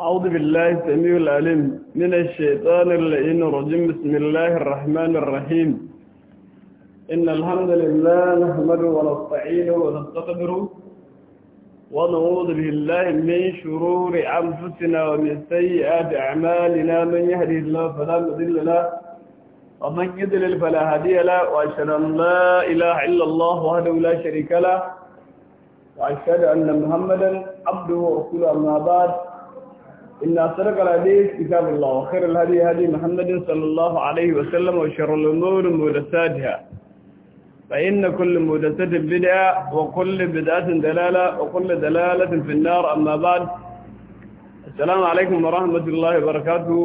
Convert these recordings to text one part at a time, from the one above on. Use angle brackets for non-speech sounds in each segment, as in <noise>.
أعوذ بالله السميع العليم من الشيطان اللعين الرجيم بسم الله الرحمن الرحيم إن الحمد لله نحمده ونستعينه ونستغفره ونعوذ بالله من شرور أنفسنا ومن سيئات أعمالنا من يهده الله فلا مضل له ومن يضلل فلا هادي له وأشهد أن لا إله إلا الله وحده لا شريك له وأشهد أن محمدا عبده ورسوله أما بعد إن أصدق الحديث كتاب الله وخير الهدي هدي محمد صلى الله عليه وسلم وشر الأمور مدساتها فإن كل مهدسة بدعة وكل بدعة دلالة وكل دلالة في النار أما بعد السلام عليكم ورحمة الله وبركاته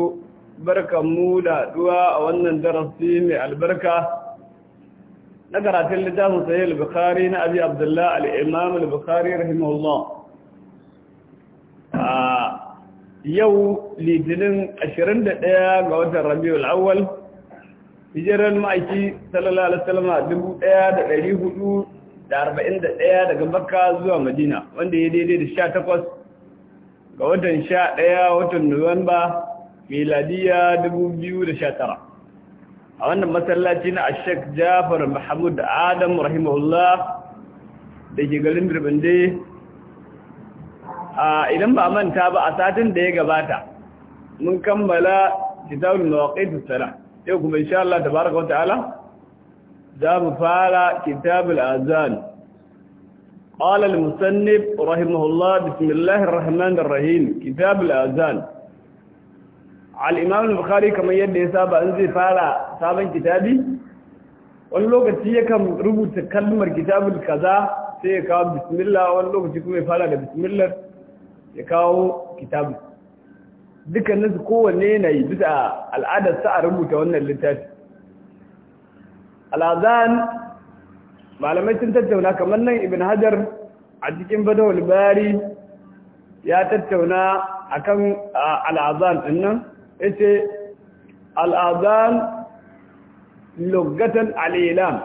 بركة مولى دعاء وأن درسين البركة نقرأت اللي صحيح البخاري أبي عبد الله الإمام البخاري رحمه الله آه yau litinin 21 ga watan rabiul awwal hijiran ma'aiki sallallahu alaihi wasallam dubu ɗaya da ɗari hudu da arba'in da ɗaya daga makka zuwa madina wanda ya daidai da sha takwas ga watan sha ɗaya watan nuwamba miladiya dubu biyu da sha tara a wannan masallaci na ashek jafar mahamud adam rahimahullah da ke garin birbinde idan ba manta ba a satin da ya gabata mun kammala kitabul mawaqitus salah yau kuma insha Allah tabaraka wa ta'ala za mu fara kitabul azan al-musannif rahimahullah bismillahir rahmanir rahim kitabul azan al-imam al-bukhari kamar yadda ya saba an zai fara sabon kitabi wani lokaci yakan rubuta kalmar kitabul kaza sai ya kawo bismillah wani lokaci kuma ya fara da bismillah ya kawo kitabu dukkanin su kowanne yi bisa al'adar sa a rubuta wannan littafi al'azan malamai sun tattauna kamar nan ibn hajar a cikin badawalbari bari ya tattauna a akan al'azan ya yace al'azan luggatan al'ilam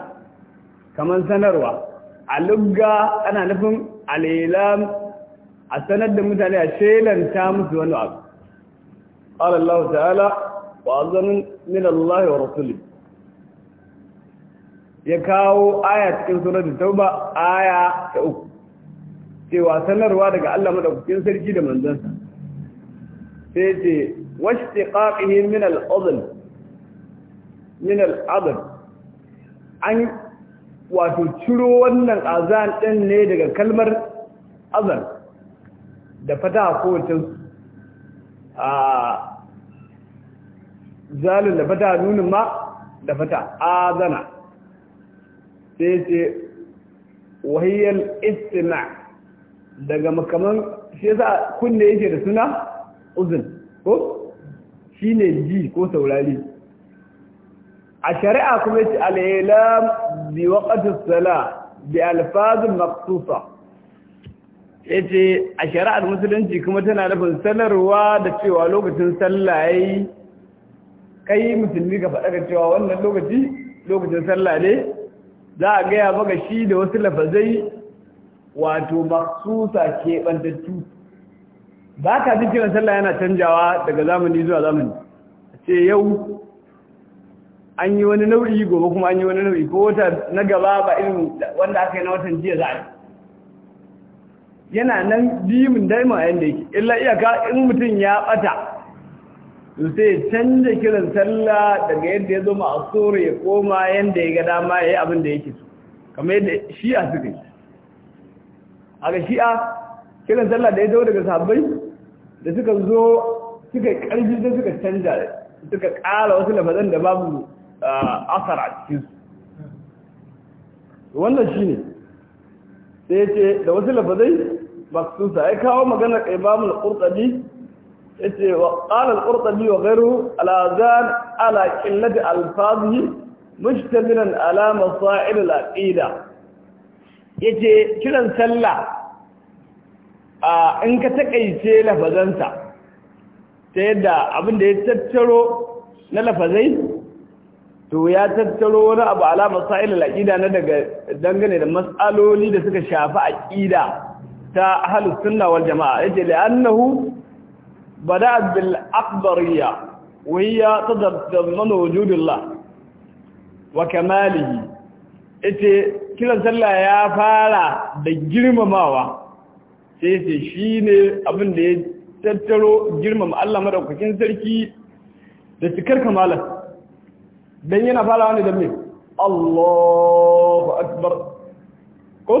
kamar sanarwa a lugga ana nufin al'ilam a sanar da mutane a shelanta musu wani abu qala Allah ta'ala wa azanun min Allah wa rasuli ya kawo aya cikin suratul tauba aya ta uku cewa sanarwa daga Allah madaukakin sarki da manzansa sai ce washtiqaqihi min al min al an wato ciro wannan azan din ne daga kalmar azan da fata a kowacin a zalin da fata nunin ma da fata zana sai ce wahiyar istina daga makaman shi yasa kunne yake da suna uzun ko shi ne ji ko saurari a shari'a kuma ce al'ilam bi waƙatun sala bi alfazin maksusa Yace ce a shari'ar musulunci kuma tana nufin sanarwa da cewa lokacin sallah kai musulmi ka faɗa cewa wannan lokaci lokacin sallah ne za a gaya maka shi da wasu lafazai wato maksusa keɓantattu ba ka ji kiran sallah yana canjawa daga zamani zuwa zamani ce yau an yi wani nau'i gobe kuma an yi wani nau'i ko wata na gaba ba irin wanda aka yi na watan jiya za a yi yana nan dimin daima a yadda yake illa iyaka in mutum ya bata sai canza kiran sallah daga yadda ya zo tsoro ya koma yadda ya ga dama yi abin da yake so kamar yadda shi'a suka yi a ga shi'a kiran sallah da ya zo daga sabbai da suka zo suka karfi da suka canza suka ƙara wasu lafazan da babu asara a cikin shi wannan sai ce da wasu lafazai maksusa ya kawo maganar imam al-qurtubi yace wa qala al-qurtubi wa ghayruhu al-azan ala qillati al-fazihi mujtamilan ala masail al-aqida yace kiran sallah a in ka takaice lafazansa ta yadda abin da ya tattaro na lafazai to ya tattaro wani abu alama sa'il al-aqida na daga dangane da matsaloli da suka shafi aqida ta ahlus sunna wal jamaa yace li'annahu bada'a bil akbariyya wa hiya tadammanu wujudillah wa kamalihi ite kiran sallah ya fara da girmamawa sai sai shine abin da ya tattaro girmama Allah madaukakin sarki da cikar kamalar dan yana farawa ne da me Allahu akbar ko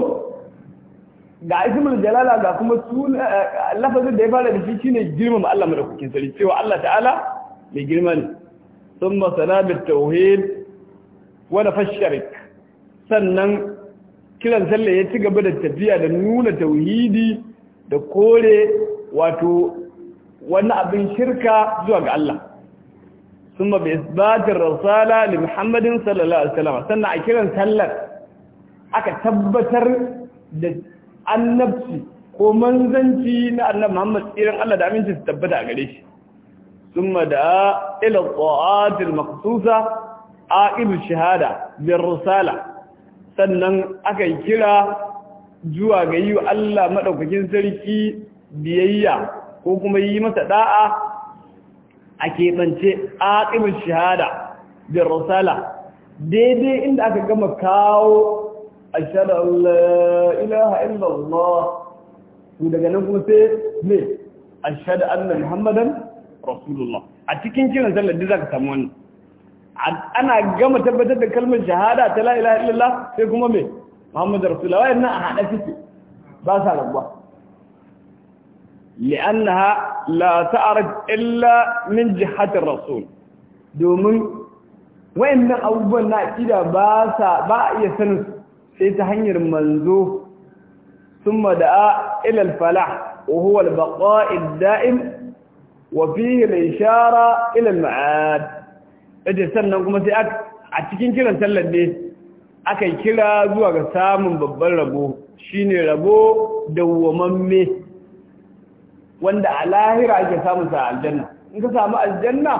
ga ismul jalala ga kuma suna eh, lafazin da ya fara da shi shine girmama Allah madaukakin sarki cewa Allah ta'ala mai girma ne thumma salamat tauhid wa nafash shirk sannan kiran sallah ya ci gaba da tafiya da nuna tauhidi da kore wato wannan abin shirka zuwa ga Allah ثم بإثبات muhammadin لمحمد صلى الله sannan a kiran sallar aka tabbatar da. annabci ko manzanci na annabi Muhammad tsirin Allah da aminci su tabbata a gare shi Tumma da ila ta'at al a shahada bir Rusala, sannan aka kira zuwa ga yi Allah maɗaukakin sarki biyayya ko kuma yi masa ɗa'a, a keɓance aqib shahada bir Rusala, daidai inda aka gama kawo ashhadu an la ilaha illallah to daga nan kuma sai me ashhadu anna muhammadan rasulullah a cikin kiran sallar duk zaka samu wannan ana gama tabbatar da kalmar shahada ta la ilaha illallah sai kuma me muhammadu rasulullah wayannan a hada suke ba sa rabuwa لأنها لا تعرج إلا من جهة الرسول دومن وإن أول نأتي باسا باء يسنس sai ta hanyar manzo Sun mada'a ilal fala wa huwa daim wa fihi al-ishara ila al-ma'ad idan sannan kuma sai a cikin kiran sallar ne aka kira zuwa ga samun babban rabo shine rabo dawwamamme wanda a lahira ake samun sa aljanna in ka samu aljanna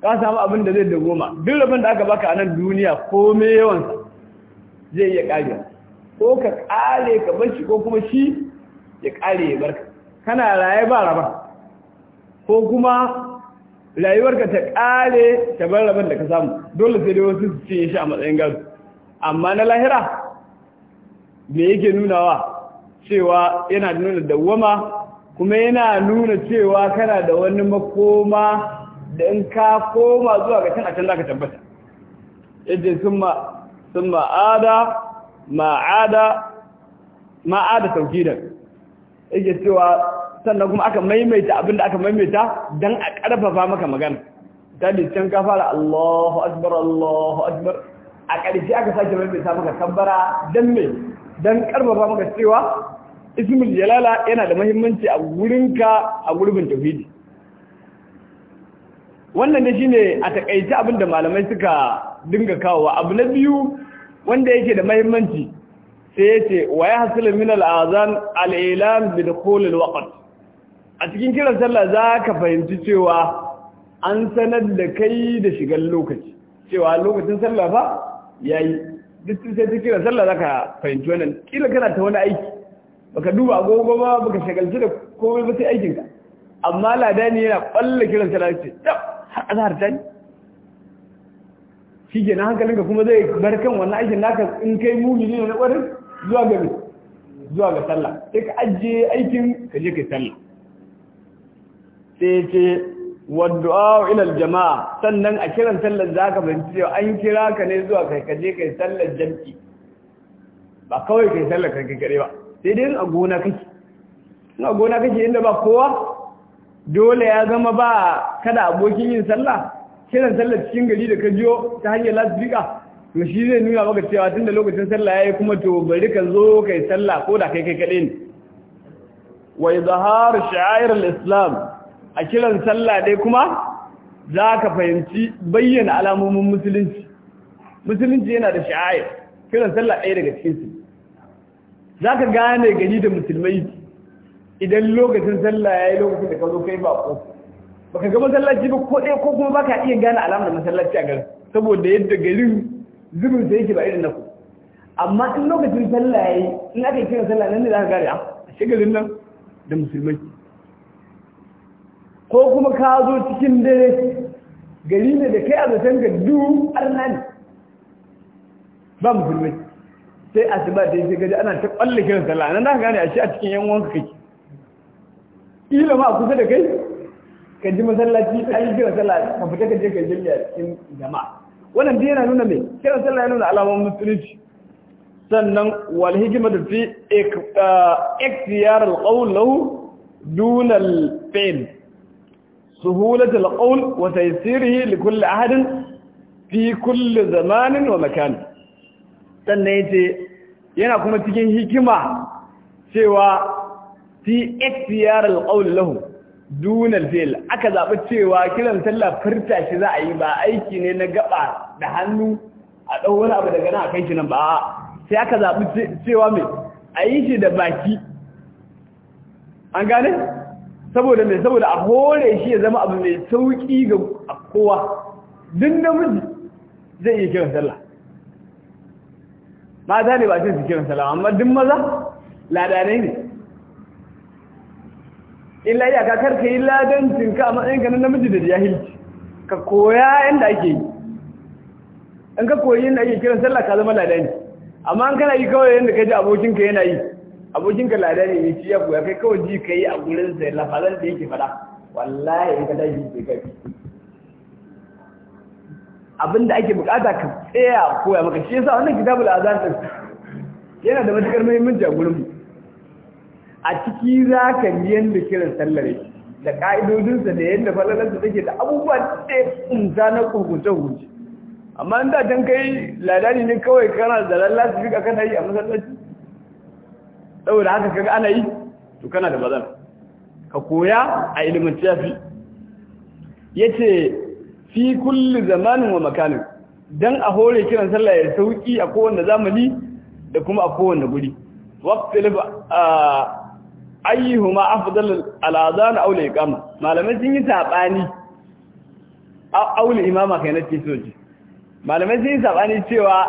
ka samu abin da zai dagoma duk rabin da aka baka a nan duniya komai yawansa zai iya ƙariya ko ka ƙare ka bar shi ko kuma shi ya ƙare ya barka kana raye ba raba ko kuma rayuwarka ta ƙare ta bar raban da ka samu dole sai dai wasu su cinye shi a matsayin gado amma na lahira me yake nunawa cewa yana nuna dawwama kuma yana nuna cewa kana da wani makoma da in ka koma zuwa ga can a can za ka tabbata yadda sun ma ثم عاد ما عاد ما عاد توكيدا yake cewa sannan kuma aka maimaita abinda aka maimaita dan a karfafa maka magana dadi can ka fara Allahu akbar Allahu akbar a ƙarshe aka sake maimaita maka tabbara dan me dan karfafa maka cewa ismul jalala yana da muhimmanci a gurinka a gurbin tauhidi wannan ne shine a takaice abinda malamai suka dinga kawowa abu na biyu wanda yake da mahimmanci sai ya ce wa ya hasila min al'azan al'ilam bi da kolin waƙon a cikin kiran sallah za ka fahimci cewa an sanar da kai da shigar lokaci cewa lokacin sallah fa yi. duk sai ta kiran sallah za ka fahimci wannan kila kana ta wani aiki baka duba agogo ba baka shagalci da komai ba sai aikinka amma ladani yana balla kiran sallah ce tab har azhar ta shi ke na hankalinka kuma zai bar kan wannan aikin naka in kai muni ne na ƙwarin zuwa ga zuwa ga sallah sai ka ajiye aikin ka je kai sallah sai ce wadda'a ila jama'a sannan a kiran sallar zaka fahimci cewa an kira ka ne zuwa kai ka je kai sallar jam'i ba kawai kai sallar kai kare ba sai dai a gona kake in a gona kake inda ba kowa dole ya zama ba kada abokin yin sallah kiran sallar cikin gari da ka jiyo ta hanyar lasbika to shi zai nuna maka cewa tun da lokacin sallah ya yi kuma to bari ka zo kai sallah ko da kai kai kaɗai ne Wai izhar sha'air al-islam a kiran sallah dai kuma za ka fahimci bayyana alamomin musulunci musulunci yana da sha'ayar kiran sallah ɗaya daga cikin su za ka gane gari da musulmai idan lokacin sallah ya yi lokacin da ka zo kai ba ko baka ga masallaci ba ko ɗaya ko kuma baka iya gane alamar masallaci a garin saboda yadda garin zubin sa yake ba irin na ku amma in lokacin sallah yayi in aka yi kiran sallah nan ne za ka gane a ah, shigarin nan da musulmai ko kuma ka zo cikin dare gari ne da kai a zaton ga du arna ne ba musulmai sai a ba da yake gaji ana ta kwalle kiran sallah nan da ka gane a shi a cikin yan wanka kake ila ma a kusa da kai ka ji masallaci an yi kira ka fita ka je ka jami'a cikin jama'a wannan dai yana nuna mai kira sallah yana nuna alamomin musulunci sannan wal hikima da fi ikhtiyar ah, al qawl lahu dun al fi'l suhulat al qawl wa taysirihi li kulli ahadin fi kulli zamanin wa makan sannan yace yana kuma cikin hikima cewa fi ikhtiyar al qawl lahu duna fi'il aka zaɓi cewa kiran sallah furta shi za a yi ba aiki ne na gaba da hannu a ɗau wani abu daga nan a kai shi nan ba sai aka zaɓi cewa mai a yi shi da baki an gane saboda mai saboda a hore shi ya zama abu mai sauƙi ga kowa duk namiji zai iya kiran sallah mata ne ba sai su kiran sallah amma duk maza ladanai ne illa ya ka karka yi ladancin ka a matsayin na namiji da jahilci ka koya yadda ake yi in ka koyi yadda ake kiran sallah ka zama ladanci amma an kana yi kawai yadda ka ji abokinka yana yi abokinka ladani ne shi ya koya kai kawai ji ka yi a gurin sai lafazan da yake fada wallahi in ka tashi sai kai abin da ake bukata ka tsaya koya maka shi yasa wannan kitabul azan din yana da matukar muhimmanci a gurin mu a ciki za ka da kiran sallar yake da ƙa'idodinsa da yadda falalarsa take da abubuwa da kunsa na kurkunce hujji amma in da can kai ladani ne kawai kana da lallasu fika kana yi a masallaci saboda haka kaga ana yi to kana da bazan ka koya a ilimin tafi ce, fi kulli zamanin wa makanin dan a hore kiran sallah ya sauki a kowanne zamani da kuma a kowanne guri ah, ayyuhuma afdal al-adhan aw al-iqama malamai sun yi sabani aw al-imama kai na tisoji malamai sun yi sabani cewa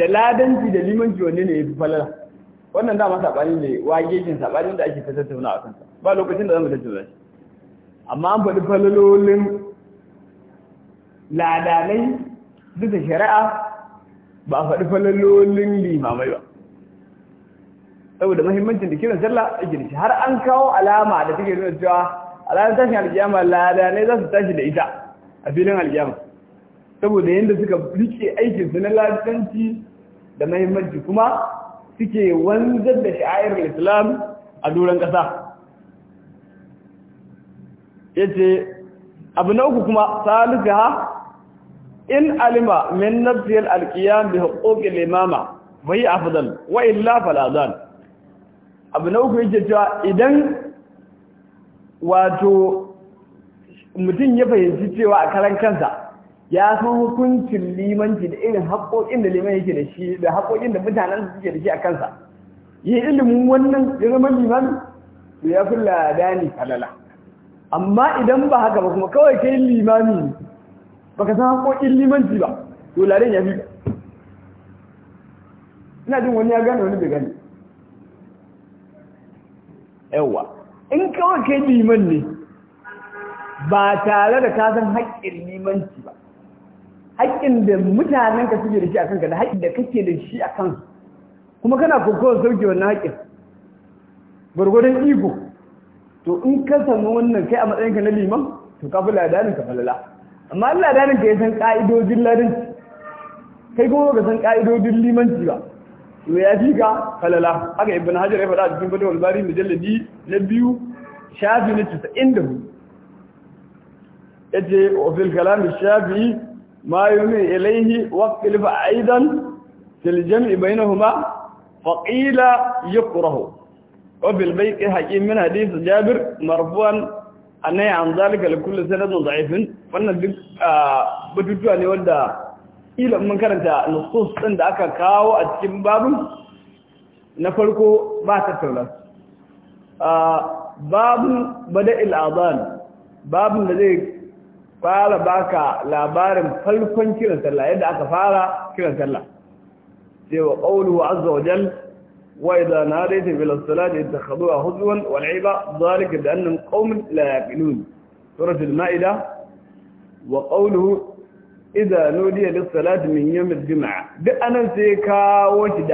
da ladanci da limanci wanne ne yafi falala wannan dama sabani ne wagejin sabani da ake fata tauna a sa ba lokacin da zamu tattauna shi amma an faɗi falalolin ladanai duk da shari'a ba a faɗi falalolin limamai ba saboda mahimmancin da kiran sallah a da shi har an kawo alama da take nuna cewa a tashin alkiyama lada ne za tashi da ita a filin alkiyama saboda yadda suka rike aikin su na lalatanci da mahimmanci kuma suke wanzar da sha'ayar islam a doron ƙasa ya abu na uku kuma Salisu ha in alima min nafsiyar alkiyam bi haƙoƙin limama bai afdal wa illa falazan abu na uku yake cewa idan wato mutum ya fahimci cewa a karan kansa ya san hukuncin limanci da irin haƙoƙin da liman yake da shi da haƙoƙin da mutanen suke da shi a kansa yi ilimin wannan girman liman da ya kula dani falala amma idan ba haka ba kuma kawai kai limami baka san haƙoƙin limanci ba to ne ya fi ina jin wani ya gane wani bai gane yawa in kawai kai liman ne ba tare da kasan haƙƙin limanci ba haƙƙin da mutanen ka suke da shi a kanka da haƙƙin da kake da shi a kansu kuma kana kokowar sauke wannan haƙƙin gwargwadon iko to in ka sami wannan kai a matsayinka na liman to ka fi ladanin ka falala amma ladanin ka ya san ka'idojin ladin kai kuma ba ka san ƙa'idojin limanci ba ويأتيك خلالة حقا ابن هجر يفعل الدين بدو الباري مجلة دي نبيو شافي نتوس عنده اتي وفي الكلام الشافي ما يمي إليه وقت أيضا في الجمع بينهما فقيل يقره وفي البيت حكيم من حديث جابر مرفوعا أنه عن ذلك لكل سنة ضعيف فأنا بدوتو أن يولد kila mun karanta nusus din da aka kawo a cikin babin na farko ba ta taura babun bada'il azan babun da zai fara baka labarin farkon kiran sallah yadda aka fara kiran sallah sai wa qawluhu azza wa jal wa idha nadayta bil salati ittakhadhuha huzwan wal iba dhalika bi annahum qaumun la yaqilun surah al maida wa إذا نودي للصلاة من يوم الجمعة بأن سيكا وجد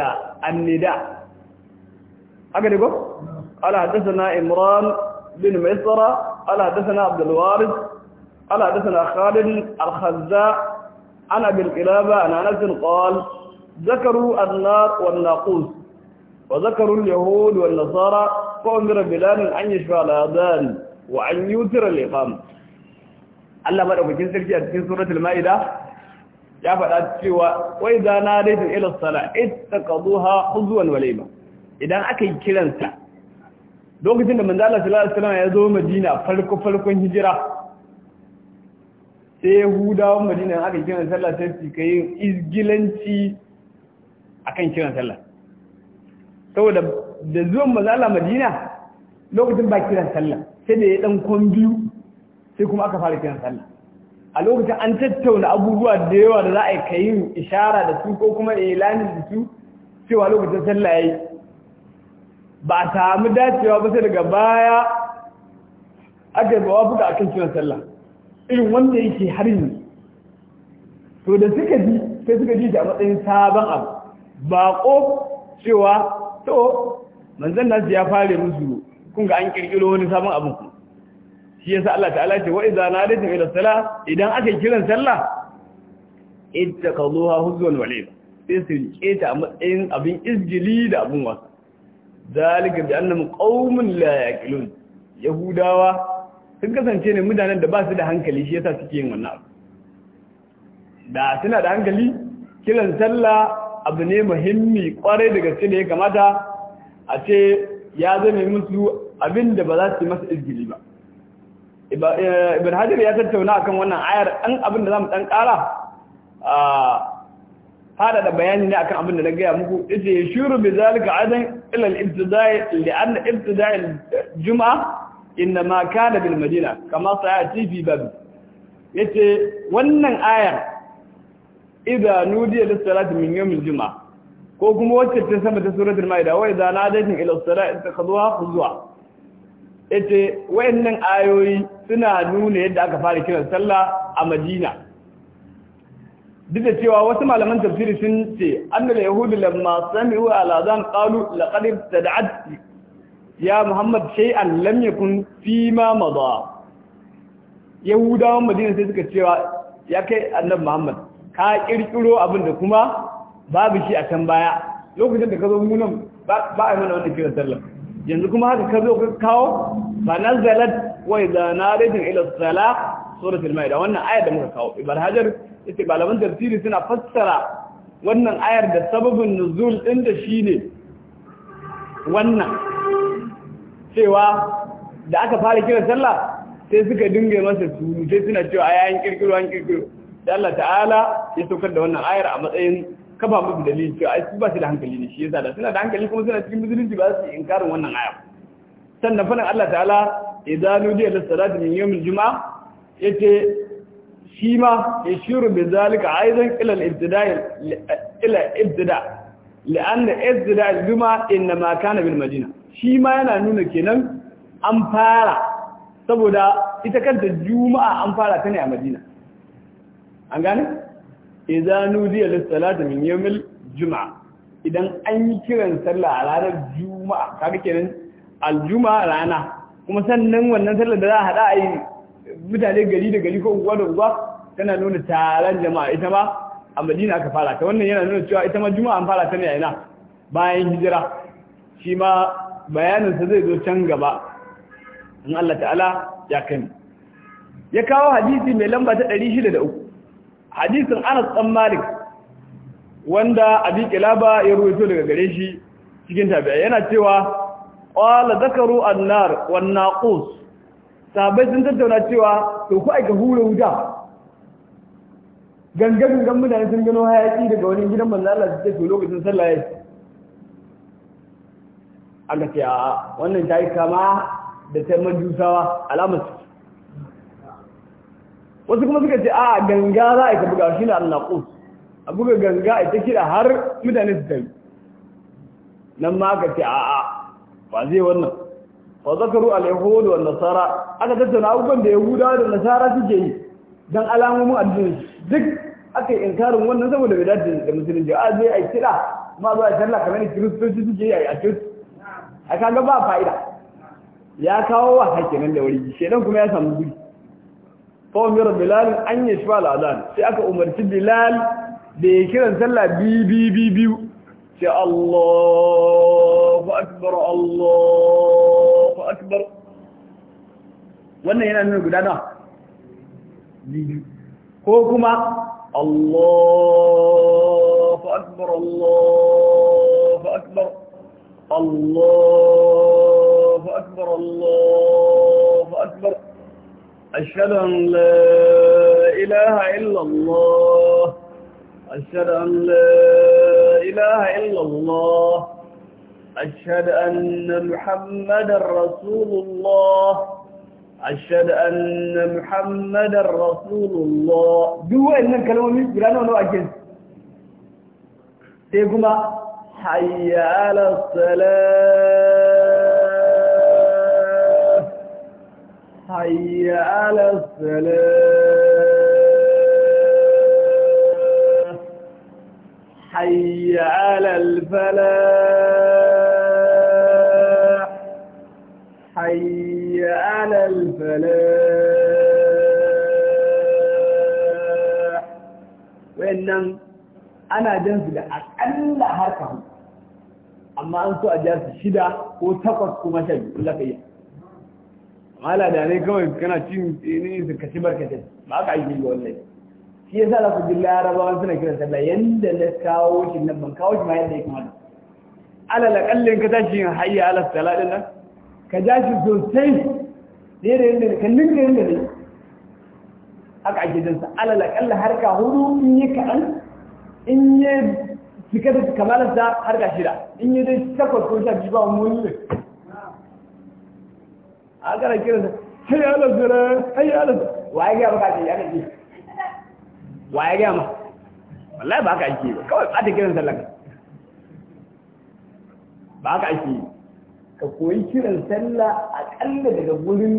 النداء أقول لكم حدثنا إمران بن ميسرة قال حدثنا عبد الوارث قال حدثنا خالد الخزاء أنا أبي القلابة عن أنس قال ذكروا النار والناقوس وذكروا اليهود والنصارى فأمر بلال أن يشفى الأذان وأن يوتر الإقامة Allah madaukakin sarki a cikin suratul maida ya faɗa cewa wai za na daidai ila sala ittaqaduha huzwan wa layba idan aka yi kiranta lokacin da manzo Allah sallallahu alaihi wasallam ya zo Madina farko farkon hijira sai huda madina aka kiran sallah sai su ka izgilanci akan kiran sallah saboda da zuwan Allah madina lokacin ba kiran sallah sai da ya dan kon biyu sai kuma aka fara kiran sallah a lokacin an tattauna abubuwa da yawa da za a yi kayin ishara da su ko kuma ilanin da su cewa lokacin sallah yayi ba a samu dacewa ba sai daga baya aka yi wafuka akan kiran sallah irin wanda yake har yanzu to da suka ji sai suka ji a matsayin sabon abu ba ko cewa to manzon nasu ya fare musu kun ga an kirkiro wani sabon abin ku shi yasa Allah ta'ala ce wa idza nadaytum ila salah idan aka kiran sallah ittaqalluha huzwan wa lib sai su keta a matsayin abin isjili da abin wasa zalika bi annam qaumun la yaqilun yahudawa sun kasance ne mutanen da ba su da hankali shi yasa suke yin wannan abu da suna da hankali kiran sallah abu ne muhimmi kwarai da gaske da ya kamata a ce ya zame musu abin da ba za su yi masa izgili ba Eh, ibn hajar ya tattauna akan wannan ayar ɗan abin da za mu ɗan ƙara fada da bayani ne akan abin da na gaya muku ita ya shuru bi zalika adan ila al-ibtida'i li'anna ibtida'i al-jum'a inna ma kana bil madina kama sayati fi bab yace wannan ayar idza nudiya lis salati min yawm al-jum'a ko kuma wacce ta sama ta suratul maida wa idza nadaytum ila as-salati takhuduha khuzwa ita wayannan ayoyi suna nuna yadda aka fara kiran sallah a Madina duk da cewa wasu malaman tafsiri sun ce annal yahudu lamma sami'u al'azan qalu laqad tad'at ya muhammad shay'an lam yakun fi ma madha yahudawan madina sai suka cewa ya kai annab muhammad ka kirkiro abin da kuma babu shi a can baya lokacin da ka zo mu ba a mana wannan kiran sallah yanzu kuma haka ka zo ka kawo fa nazalat wa idza naridin ila salah suratul maida wannan ayar da muka kawo ibn hajar yace malaman tafsiri suna fassara wannan ayar da sababin nuzul ɗin da shi ne. wannan cewa da aka fara kira sallah sai suka dinga masa turu sai suna cewa ayayin kirkiro an kirkiro da Allah ta'ala ya saukar da wannan ayar a matsayin kafa musu dalilin cewa ai su ba su da hankali ne shi yasa da suna da hankali kuma suna cikin musulunci ba su inkarin wannan aya sannan fadin Allah ta'ala idza nudiya lis salati min yawmil juma'a yace shi ma yashiru bi zalika aidan ila al-ibtida'i ila ibtida la'anna ibtida al-juma'a inma kana bil madina shi ma yana nuna kenan an fara saboda ita kanta juma'a an fara ta ne a madina an gane idan nudiya lis-salati min yawmil juma'a idan an yi kiran sallah a ranar juma'a kaga kenan al-juma'a rana kuma sannan wannan sallar da za a hada a yi mutane gari da gari ko unguwa da unguwa tana nuna taron jama'a ita ma a Madina aka fara ta wannan yana nuna cewa ita ma juma'a an fara ta ne a ina bayan hijira shi ma bayaninsa zai zo can gaba in Allah ta'ala ya kai ya kawo hadisi mai lamba ta 603 hadisin Anas dan Malik wanda Abi Kilaba ya ruwaito daga gare shi cikin tabi'a yana cewa qala zakaru Annar, wan naqus sabai sun tattauna cewa to ku aika hura wuta ganga gangan mutane sun gano hayaki daga wani gidan manzo Allah da take lokacin sallah yayi aka ce wannan ta kama da ta majusawa alamar wasu kuma suka ce a ganga za a yi buga shi na annaqus a buga ganga a ta kira har mutane su tafi nan ma aka ce a a ba zai wannan ba zakaru al-yahud wa nasara aka tattauna abubuwan da huda da nasara suke yi don alamomin addini duk aka yi inkarin wannan saboda bai dace da musulunci a zai a kira ma zuwa sallah kamar ne kiristoci suke yi a yi a kaga ba fa'ida ya kawo wa hakinan da wuri shedan kuma ya samu guri fa'amira bilal an yi shi al'adhan sai aka umarci bilal da ya kiran sallah biyu sai allahu akbar allahu akbar wannan yana nuna gudana biyu ko kuma allahu akbar allahu akbar allahu akbar allahu akbar أشهد أن لا إله إلا الله أشهد أن لا إله إلا الله أشهد أن محمد رسول الله أشهد أن محمد رسول الله دوا إن كلمة قرآن ونو أجل تيكما حي على الصلاة حي على الفلاح حي على الفلاح حي على الفلاح وإنم أنا جنس لأقل حركة أما أنتو أجلس الشدة وتقص كما شبه لك إياه mala da ne kawai kana cin ne eh, su eh, kaci barkatai ba ka aiki ga wallahi shi yasa la kujilla ji larabawa suna kiran sallah yanda na kawo shi nan ban kawo shi ma yake ya kamata la akallin ka tashi yin hayya ala sala din nan ka ja shi sosai sai da yanda ka ninka yanda ne haka ake jin sa la akalla har ka hudu in yi kaɗan in yi cika da kamalar sa har ka shida in yi dai takwas ko sha biyu ba wani ne a kana kiran sai ya lafiya sai ya lafiya waye ga baka ji ya ji waye gaya ma wallahi ba ka aiki ba kawai ba ta kiran sallah ba ka aiki ka koyi kiran sallah a akalla daga gurin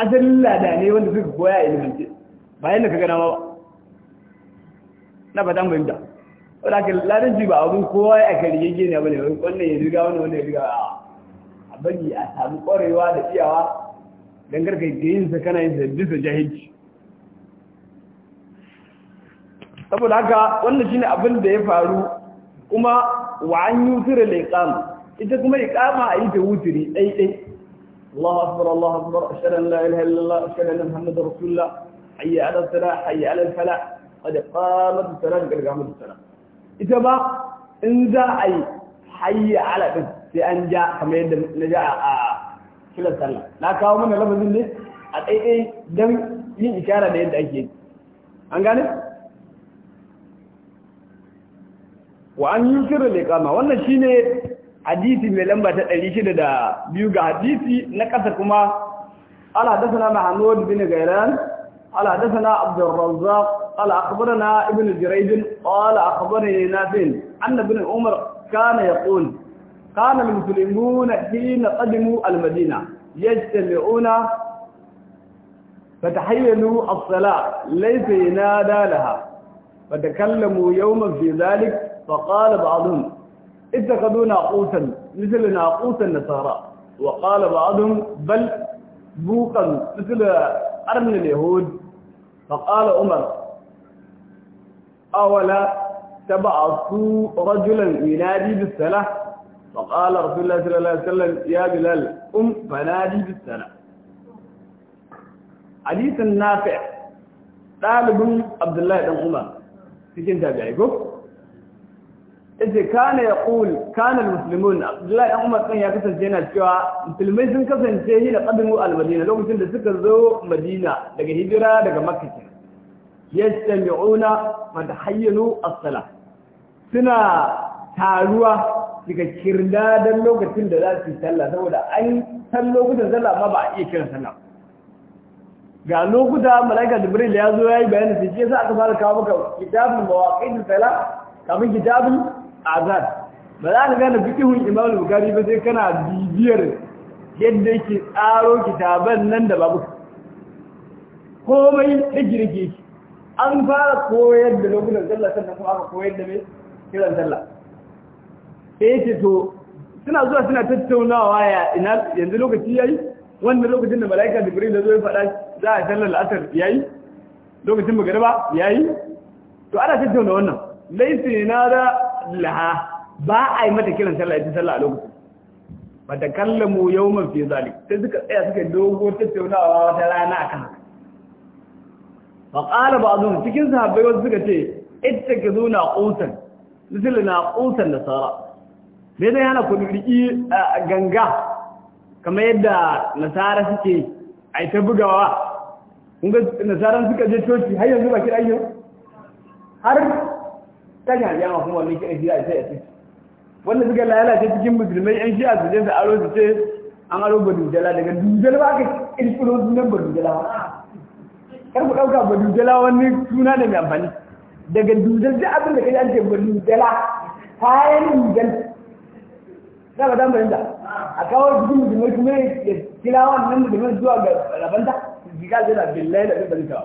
asalin lada ne wanda suka koya ilimance bayan da ka gana ba na fatan bayan da wadda ka ladanci ba abin kowa ya kari yake ne ba ne wannan ya riga wani wanda ya riga a bari a samu ƙwarewa da iyawa don karka da yin sa kana yin sa bisa jahilci saboda haka wannan shine abin da ya faru kuma wa an yutira liqam ita kuma iqama a yi ta wutiri dai dai akbar Allahu akbar ashhadu la ilaha illallah ashhadu anna muhammadar rasulullah hayya ala salah hayya ala falah qad qamat salat gargamu salat ita ba in za a yi hayya ala din sai an ja kamar yadda na ja a kilar sallah na kawo mana lafazin ne a ɗaiɗai don yin ishara da yadda ake an gane wa an yi shirin kama wannan shine hadisi mai lamba ta ɗari shida da biyu ga hadisi na ƙasa kuma ala dasana mahmud bin gairan ala dasana abdurrazzaq ala akhbarana ibnu jurayd qala akhbarani nafi' anna ibn umar kana yaqul كان المسلمون حين قدموا المدينة يجتمعون فتحينوا الصلاة ليس ينادى لها فتكلموا يوما في ذلك فقال بعضهم اتخذوا ناقوسا مثل ناقوس النصارى وقال بعضهم بل بوقا مثل أرن اليهود فقال عمر أولا تبعثوا رجلا ينادي بالصلاة فقال رسول الله صلى الله عليه وسلم يا بلال قم فنادي بالسلام حديث نافع طالب عبد الله بن عمر cikin tabi'ai ko yace kana yaqul kana almuslimun Abdullahi dan Umar kan ya kasance yana cewa musulmai sun kasance hina al almadina lokacin da suka zo Madina daga hijira daga Makka yastami'una wa tahayyanu as suna taruwa daga don lokacin da za su yi saboda an san lokutan sallah ma ba a iya kiran sallah ga lokuta malaika jibril ya zo ya yi bayanin sai sa aka fara kawo maka kitabun da sala kamar kitabun Azad. ba za ka gane fiqhun imam al-bukhari ba sai kana bibiyar yadda yake tsaro kitaban nan da babu komai an fara koyar da lokutan sallah sannan kuma aka koyar da mai kiran sallah da yake to suna zuwa suna tattaunawa ya ina yanzu lokaci yayi wannan lokacin da malaika jibril da zo ya faɗa za a sallar al'asar yayi lokacin magariba yayi to ana tattauna wannan laisi na da laha ba a yi mata kiran sallah ita sallah a lokacin ba ta kallamu yawman fi zali sai suka tsaya suka dogo tattaunawa wata rana akan haka ba a ba'dhum cikin sahabbai wasu suka ce ittakhizuna qutan misal na qutan nasara me zai hana ku riƙi ganga kamar yadda nasara suke a ita bugawa kun ga nasara suka je coci har yanzu ba kira yi har ta ga yawa kuma wani kira shi a isa a ciki wanda suka layala ce cikin musulmai yan a su je aro su ce an aro badujala daga dujala ba ka kirkiro sunan nan ba kar ku ɗauka badujala wani suna da mai amfani daga dujal duk abin da kai an ce badujala kayan dujal za ka zama da a kawo cikin musulmai kuma ya kira wannan musulmai zuwa ga rabanta jika zai na billahi da zai ta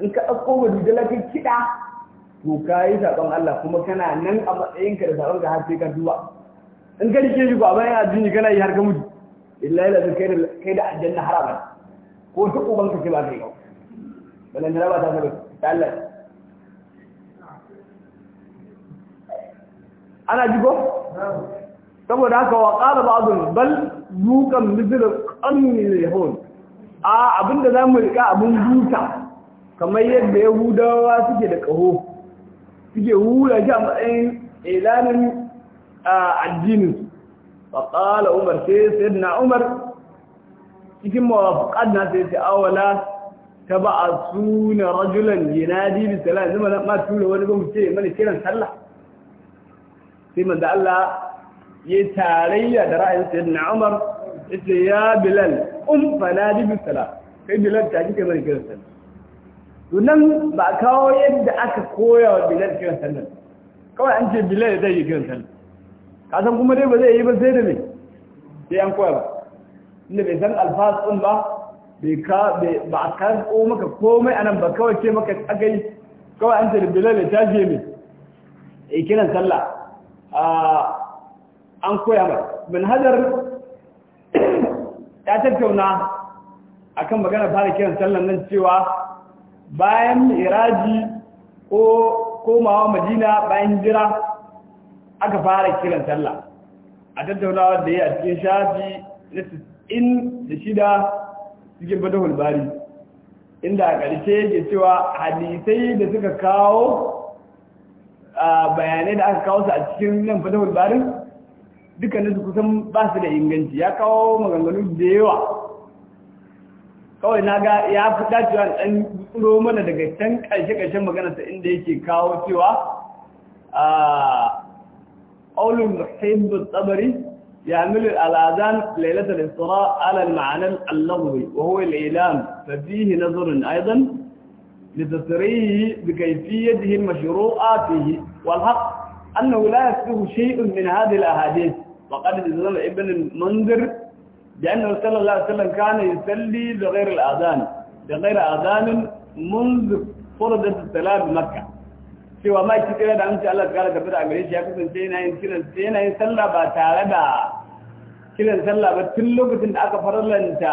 in ka ɗauko ga dujala kai kiɗa to ka yi saƙon Allah kuma kana nan a matsayinka da saƙon ka har sai ka duba in ka rike shi ko a bayan addini kana yi har ka mutu billahi da zai kai da aljanna har abada ko ta uban ka ce ba kai kawo balan da ba ta saba ta Allah ana ji saboda haka wa ƙara ba'adun bal dukan mizirin ƙanni ne hon a abinda za mu riƙa abin duta kamar yadda hudawa suke da ƙaho suke hula shi a matsayin ilanin addinin wa ƙala umar sai sai na umar cikin mawafaƙad na sai ta awala ta ba a suna rajulan yanadi bisala yanzu ma tura wani ba mana kiran sallah sai manzo Allah yi tarayya da ra'ayin sayyidina Umar yace ya Bilal um fanadi bi sala kai Bilal ta kike mai kiran sallah to nan ba kawo yadda aka koya wa Bilal kiran sallah kawai an ce Bilal zai yi kiran sallah ka san kuma dai ba zai yi ba sai da me sai an koya ba inda bai san alfas din ba bai ka ba a ko maka komai anan ba kawai ce maka tsagai kawai an ce Bilal ya tashi me ya kiran sallah ah, an koya bin manhajar ya tattauna a kan magana fara kiran sallan nan cewa bayan iraji ko komawa madina bayan jira aka fara kiran sallah a tattaunawa da ya a cikin shafi na in da shida cikin fatahul bari inda a ƙarshe yake cewa hadisai da suka kawo bayanai da aka kawo su a cikin nan fatahul barin dukkanin su kusan ba su da inganci ya kawo maganganu da yawa kawai na ga ya fi dacewa ɗan tsoro mana daga can ƙarshe-ƙarshen maganarsa inda yake kawo cewa a ƙaunin haibu tsabari ya milu al'azan lailatar isra alal ma'anar allahuri wa huwa lailan fafihi nazarin aizan لتسريه بكيفيته المشروعة فيه والحق أنه لا يكتب شيء من هذه الأحاديث وقال الإسلام ابن المنذر بأنه صلى الله عليه وسلم كان يسلي بغير الأذان بغير أذان منذ فرضة الصلاة بمكة سوى ما يشتري هذا أمسي الله تعالى تبدأ عمليش يقول من سينا ينسينا سينا يسلى بتعالدا كلا يسلى بتلوك سنة أكفر انت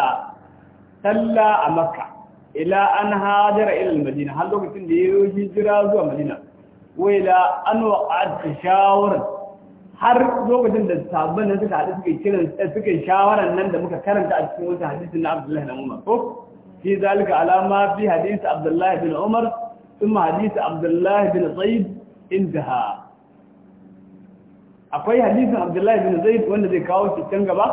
سلى مكة إلى أن هاجر إلى المدينة هل لوك سنة يوجي جرازو مدينة وإلى أن وقعت تشاورت har lokacin da sabon da suka haɗu suka kiran eh, suka nan da muka karanta a cikin wata hadisin na Abdullahi na Umar ko fi zalika alama fi hadisi Abdullahi bin Umar thumma hadisi Abdullahi bin Zaid in jiha. akwai hadisin Abdullahi bin Zaid wanda zai kawo shi can gaba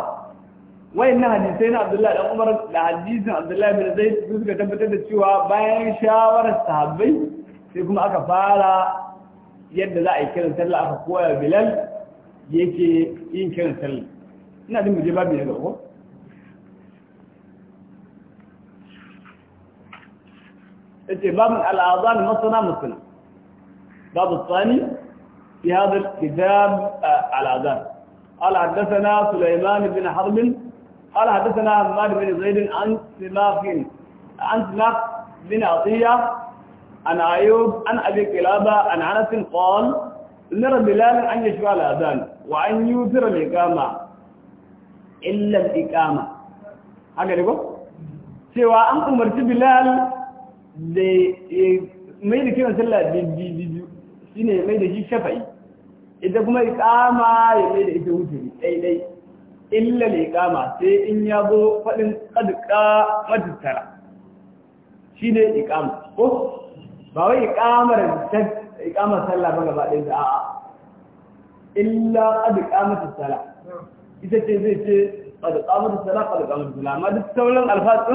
wayannan hadisai na Abdullahi dan Umar da hadisin Abdullahi bin Zaid su suka tabbatar da cewa bayan shawarar sahabbai sai kuma aka fara yadda za a yi kiran sallah aka koya Bilal yake yin kiran sallah ina jin muje babu ne ko babu al'azan masana babu tsani في هذا الكتاب الأذان قال حدثنا سليمان بن حرب قال حدثنا عماد بن زيد عن سلاف عن سلاف بن عطية عن أيوب عن أبي كلابة عن عنس قال نرى بلال أن يشفع الأذان wa an yi wutura mai kama illan ikama haka ne ko? cewa an umarci bilal da mai da kiran sallah biyu shi ne mai da shi shafa'i ita kuma ikama ya mai da ita ne ɗaiɗai illan ikama sai in ya zo faɗin ƙaduka matattara shi ne ikama ko ba wai ikamar sallah ba gaba ɗaya a'a إلا قد قامت الصلاة إذا تنزل قد قامت الصلاة قد قامت الصلاة ما تستولى الألفات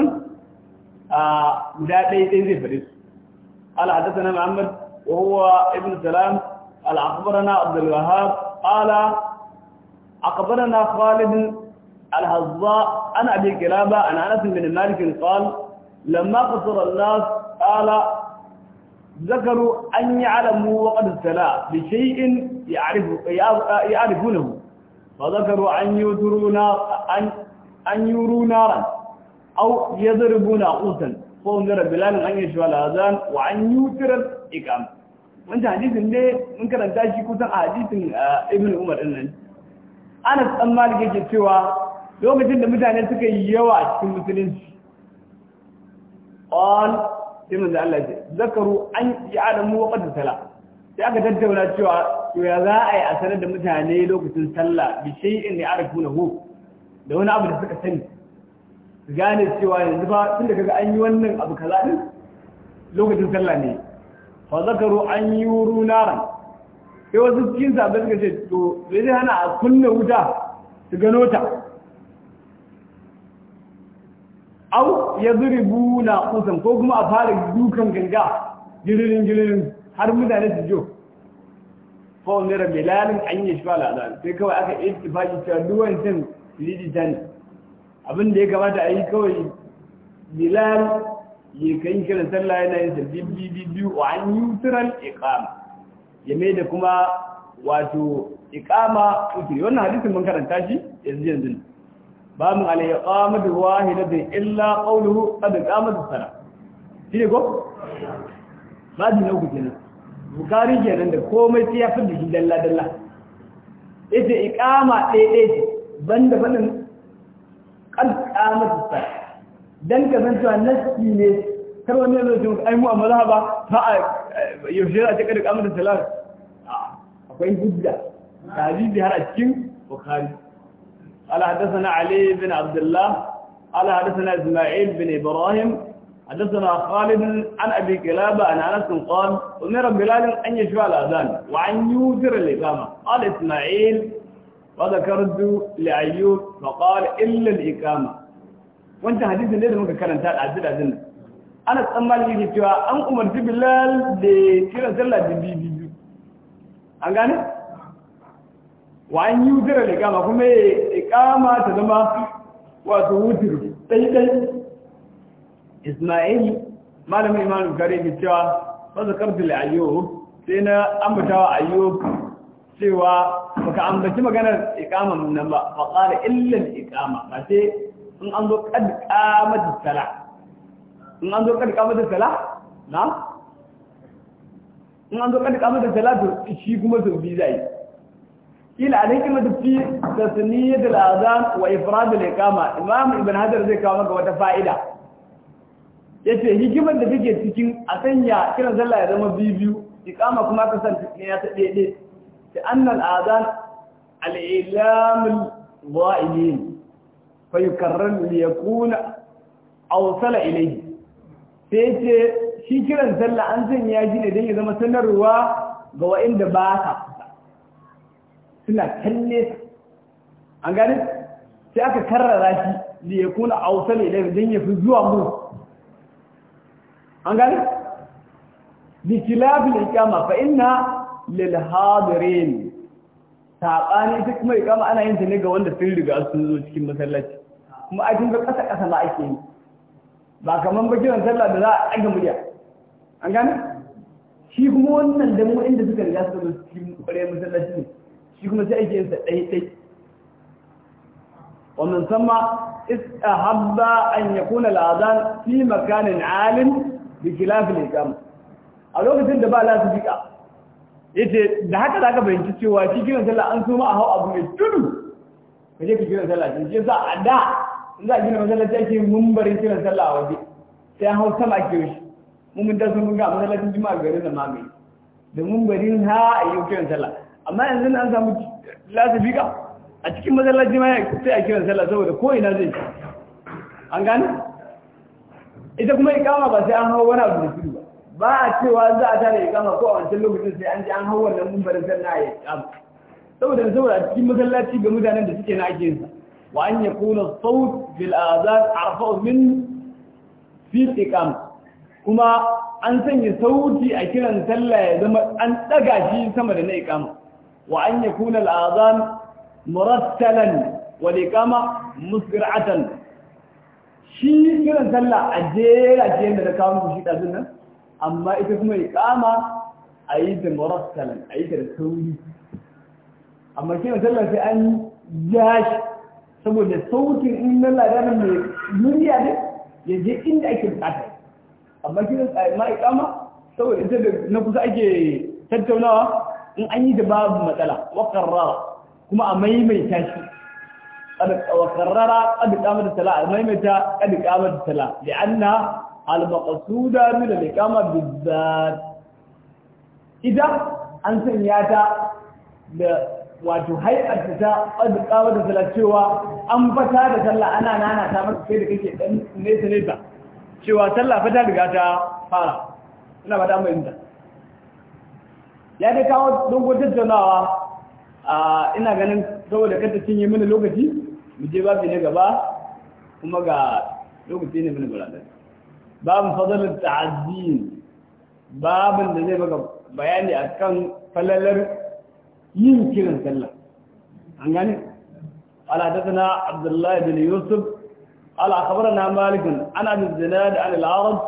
مجاعدين آه، تنزل فريس قال حدثنا محمد وهو ابن السلام قال أخبرنا عبد الوهاب قال أخبرنا خالد الهضاء أنا أبي كلابة أنا أنس بن مالك قال لما قصر الناس قال ذكروا أن يعلموا وقد السلاة بشيء يعرفونه فذكروا أن يدروا نار أن, أن يروا نارا أو يضربون قوتا فانظر بلال أن يشوى الأذان وأن يوتر الإقامة wanda hadisin ne mun karanta shi kusan a hadisin ibn umar din nan Anas dan Malik yake cewa lokacin da mutane suka yi yawa a cikin musulunci qal sai manzo Allah ya zakaru an ya'lamu wa qad sala sai aka tattauna cewa to ya za a yi a sanar da mutane lokacin sallah bi shay'in ne arafunahu da wani abu da suka sani su gane cewa yanzu ba tun da kaga an yi wannan abu kaza din lokacin sallah ne fa zakaru an yi yuru naran sai wasu cikin sabbin suka ce to zai hana a kunna wuta su gano ta au ya zuribu na kusan ko kuma a fara dukan ganga girin-girin har mutane su jo fawon nira milanin an yi shi fala sai kawai aka yi tufaki cewa duwan cin rijita ne abin da ya kamata a yi kawai milal ya kai kiran sallah yana yin sabbin biyu wa an yi turan ikama ya mai da kuma wato ikama uturi wannan hadisin mun karanta shi yanzu yanzu ba mu al-iqama bi wahidatin illa qawluhu qad qamat as-salah shi ne ko ba ji na uku kenan bukari kenan da komai sai ya fi shi dalla dalla ita iqama ɗaya ɗaya ce banda fadin ta sa dan cewa nasi ne ne wani lokacin ai mu a ba, ta a yaushe za a cika da talar, salat akwai hujja tajibi har a cikin bukari ala hadathana ali bin abdullah ala hadathana isma'il bin ibrahim حدثنا خالد عن أبي كلابة عن أنس قال أمر بلال أن يشفع الأذان وعن يوتر الإقامة قال إسماعيل وذكرت لأيوب فقال إلا الإقامة وانت حديث الليل من كان انتهى العزيز عزيز أنا أتأمل يجي كوا أن أمرت بلال بكرة سلة دي دي دي أنغاني وأن يوتر الإقامة كما إقامة تزمى وتوتر تجي تجي isma'il malamin imanin kare ke cewa ba karfil karfi ayyub sai na ambata wa ayyub cewa baka ambaci maganar ikama nan ba fa qala illa al-iqama ba sai in an zo kad qamatu sala in an zo kad qamatu sala na in an zo kad qamatu sala to shi kuma to bi zai ila kuma ma fi tasniyat al-azan wa ifrad al-iqama imam ibn hadar zai kawo maka wata fa'ida Ya ce hikimar da kake cikin a sanya kiran sallah ya zama biyu biyu iqama kuma ka san ne ya ta dede ta annal azan al-ilam al-wa'ilin fa yukarrar li yakuna awsala ilayhi sai ce shi kiran sallah an sanya shi ne dan ya zama sanarwa ga wa'inda ba ka suna kalle an gane sai aka karrara shi li yakuna awsala ilayhi dan ya fi zuwa mu an gane bi kilafil iqama fa inna lil hadirin sabani duk mai iqama ana yin ta ne ga wanda sun riga sun zo cikin masallaci kuma a cikin kasa kasa ma ake yi ba kaman ba kiran sallah da za a ɗaga murya an gane shi kuma wannan da mu inda suka riga sun zo cikin ƙwarewar masallaci ne shi kuma sai ake yin sa ɗai ɗai ومن ثم استحب أن يكون الأذان fi makanin alim bi khilafil kama a lokacin da ba lasifika yace da haka ka bayyana cewa shi kiran sallah an so a hau abu mai tudu kaje ki kiran sallah shi yasa a da in za a gina masallaci ake mumbarin kiran sallah a waje sai an hau sama ke shi mun mun sun mun ga masallacin juma'a garin da mamaye da mumbarin ha a yi kiran sallah amma yanzu an samu lasifika a cikin masallaci ma sai a kiran sallah saboda ko ina zai an gane ita kuma ikama ba sai an hau wani abu da tudu ba ba a cewa za a tara ikama ko a wancan lokacin sai an ji an hau wannan mumbarin sannan a yi ikama saboda saboda a cikin masallaci ga mutanen da suke na ake yinsa wa an ya kuna saut bil azan arfa min fi ikam kuma an sanya sauti a kiran sallah ya zama an daga shi sama da na ikama wa an ya kuna al azan murattalan wal ikama musgir'atan shi kiran sallah a jera jiyar da na kawo muku shi ɗazun nan amma ita kuma ya kama a yi da murassalan a yi da sauri amma shi kiran sallah sai an yashi saboda sautin in na ladarin mai murya ne ya je inda ake bukata amma kiran ma'aikama saboda ita da na kusa ake tattaunawa in an yi da babu matsala wakarra kuma a maimaita shi wa karrara qad qamat idan an sanya ta da wato hay'ar cewa an da sallah ana da kake dan ne ne cewa sallah fara ina ya dai kawo dogon tattaunawa ina ganin saboda kada cinye mini lokaci مجھے باب دینے باب امگا لوگ تینے منے بلا باب فضل التعزین باب اندازے باب بیانی اکان فلالر یم کرن کرلا حدثنا عبد الله بن يوسف قال اخبرنا مالك عن ابي الزناد عن العرب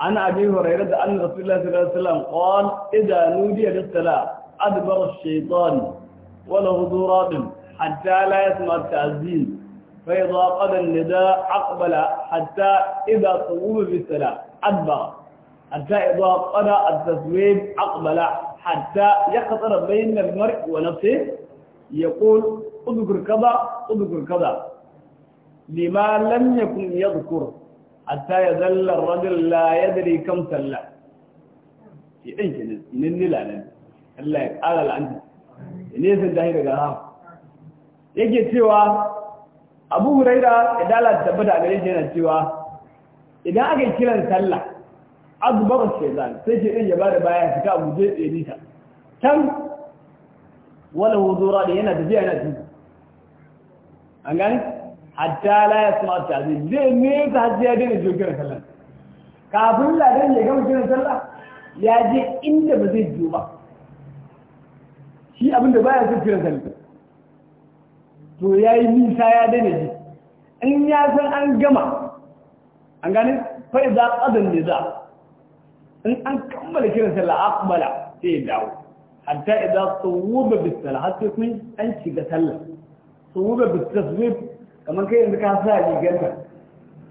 عن ابي هريره ان رسول الله صلى الله عليه وسلم قال اذا نودي للصلاه ادبر الشيطان وله ذراب حتى لا يسمع التعزيز فإذا قضى النداء أقبل حتى إذا صوب بالسلام أدبر حتى إذا قضى التسويب أقبل حتى يخطر بين المرء ونفسه يقول اذكر كذا اذكر كذا لما لم يكن يذكر حتى يذل الرجل لا يدري كم سلع في أي جنس من لا الله يقال لعنه ليس الدهير قال yake cewa abu huraira ya dalata tabbata a gare shi yana cewa idan aka yi kiran sallah azubar shaitan sai shaitan ya bada baya fita abu je tsere ta can wala huzura da yana tafiya yana tuku an gani hatta la ya suma ta zai zai ne ta hajji ya daina jiyo kiran sallah kafin ladan ya gama kiran sallah ya je inda ba zai jiyo ba shi abinda baya son kiran sallah to ya yi nisa ya daina ji in ya san an gama an gane fai za ƙazan ne za in an kammala kiran sallah akbala sai ya dawo hatta idan ba bisala har sai kun an shiga sallah ba bisala zai kamar kai yanzu ka sa rigar ka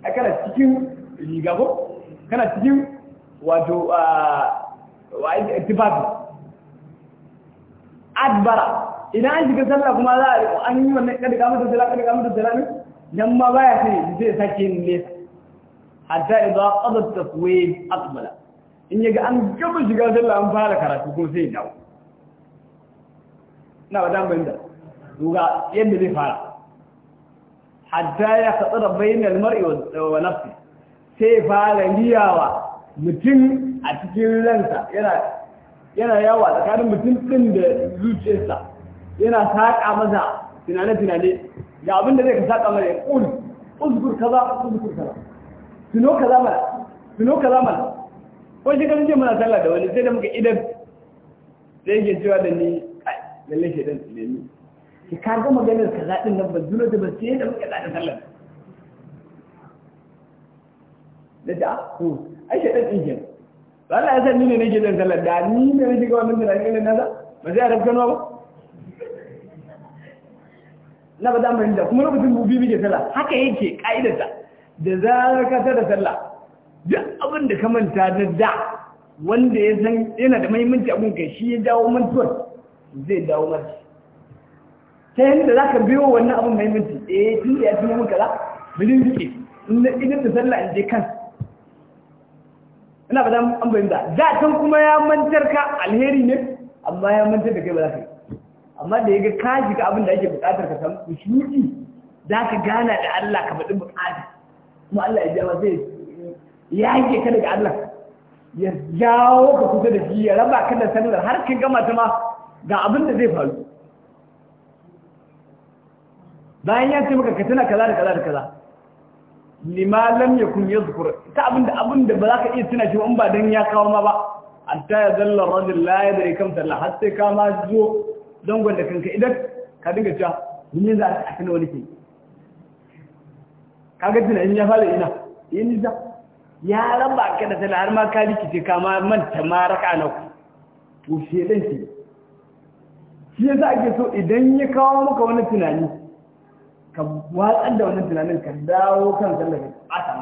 a kana cikin riga ko kana cikin wato ah, a tufafi adbara idan an shiga sallah kuma za a riko an yi wannan kadaka mata sallah kadaka mata sallah ne nan ma baya sai zai sake ni nesa hatta idza qada taswib aqbala in yaga an gaba shiga sallah an fara karatu ko sai dawo na ba dan da duga yadda zai fara hatta ya khatara bainal mar'i wa nafsi sai fara riyawa mutum a cikin ransa yana yana yawa tsakanin mutum din da zuciyarsa yana saƙa maza tunane-tunane ga abin da zai ka saƙa mara ya ƙul uzgur kaza uzgur kaza tuno kaza mara tuno kaza mara ko shi kan ce muna sallah da wani sai da muka idan sai yake cewa da ni ai lalle shi dan tsine ni ki ka ga maganar kaza din nan ba zuwa da ba sai da muka tsada sallah da da ko ai shi dan tsine Allah ya san ni ne nake zan sallah da ni ne nake ga wannan tunanin nan na ba sai a rabkano ba na ba za mu da kuma lokacin bubi muke sallah haka yake ka'idarta da zarar ka da sallah duk abin da ka manta na da wanda ya san yana da muhimmanci abin kai shi ya dawo mantuwar zai dawo mata ta yadda za ka biyo wannan abin muhimmanci eh tun da ya tuno min kaza bilin rike in na idan da sallah in je kan ina ba za mu an bayyana da can kuma ya mantar ka alheri ne amma ya mantar da kai ba za ka yi amma da ya ga ka shiga abin da ake buƙatar ka samu kushuri za ka gana da Allah ka faɗi buƙata kuma Allah ya jawo zai yi ka daga Allah ya jawo ka kusa da shi ya raba ka da sallar har ka gama ta ma ga abin da zai faru bayan ya ce maka ka tuna kaza da kaza da kaza lima lam yakun yazkur ta abinda da ba za ka iya tuna shi ba in ba dan ya kawo ma ba hatta ya zalla rajul la yadri kam sallah har sai ka ma zo don gwanda kanka idan ka dinga cewa ni za a kana wani ke kaga tunanin ya fara ina yin nisa ya ba ka da tana har ma ka rikice ka ma manta ma raka na ku to Shi ke shi yasa ake so idan ya kawo maka wani tunani ka watsar da wani tunanin ka dawo kan sallar ka ta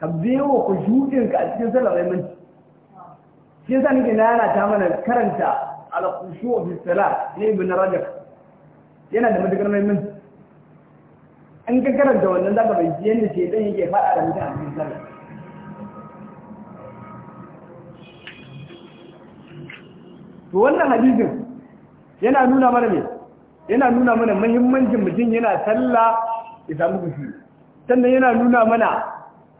ka biyo ku shuɗin ka a cikin sallar mai manci shi yasa nake na yana ta mana karanta al-khushu' fi salat ne ibn rajab yana da matukar muhimmanci an ga karanta wannan zaka bai ji yadda ke dan yake fada da mutum a cikin sallah to wannan hadisin yana nuna mana ne yana nuna mana muhimmancin mutum yana sallah ya samu kushi sannan yana nuna mana